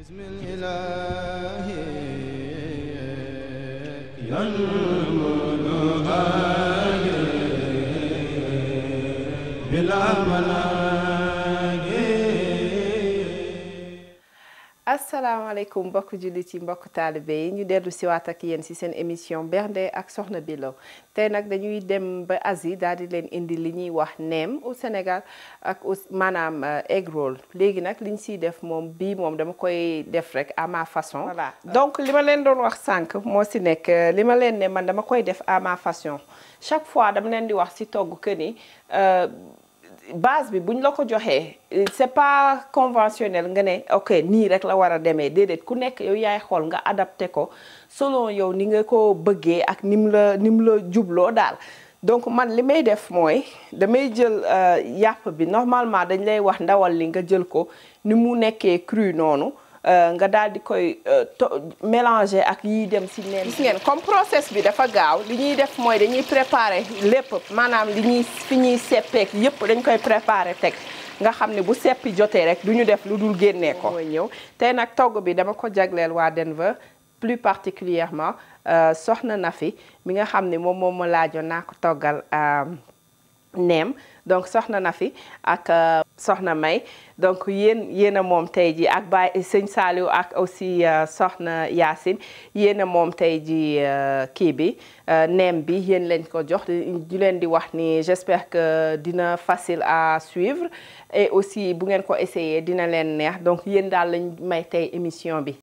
bismillah asalaamaaleykum mbokk jullit ci mbokk taalibe yi ñu dellu siwaat ak yéen si seen émission bernde ak soxna Billo te nag dañuy dem ba asi daal di leen indi li ñuy wax neem au Sénégal ak au maanaam euh, egg roll léegi nag liñ siy def moom bii moom dama koy def rek à ma façon voilà donc li ma leen doon wax sànq moo si nekk euh, li ma leen ne man dama koy def à ma façon chaque fois dama leen di wax si togg que ni euh, base bi bu ñu la ko joxee c'est pas conventionnel nga ne ok nii rek la war a demee déedéet ku nekk yow yaay xool nga adapté ko selon yow ni nga ko bëggee ak ni mu la ni la jubloo daal donc man li may def mooy damay jël euh, yàpp bi normalement dañ lay wax ndawal li nga jël ko ni mu nekkee cru noonu Euh, nga daal di koy euh, mélanger ak yiy dem si leen. gis ngeen comme process bi dafa gaaw li ñuy def mooy dañuy préparer lépp maanaam li ñuy fi ñuy seppeek yëpp dañ koy préparer teg nga xam ne bu seppi jotee rek du ñu def lu dul génnee ko. mooy ñëw tey nag togg bi dama ko jagleel waa Denver plus particulièrement euh, soxna na fi mi nga xam ne moom moom ma laajoon naa ko toggal. neem donc soxna na fi ak euh, soxna May donc yéen yéen a moom tey ji ak Baye sëñ Saliou ak aussi euh, soxna Yacine yéen a moom tey ji euh, kii bi neem bi yéen lañ ko jox di leen di wax ni j'espère que dina facile à suivre et aussi bu ngeen ko essayer dina leen neex donc yéen daal lañ may tey émission bi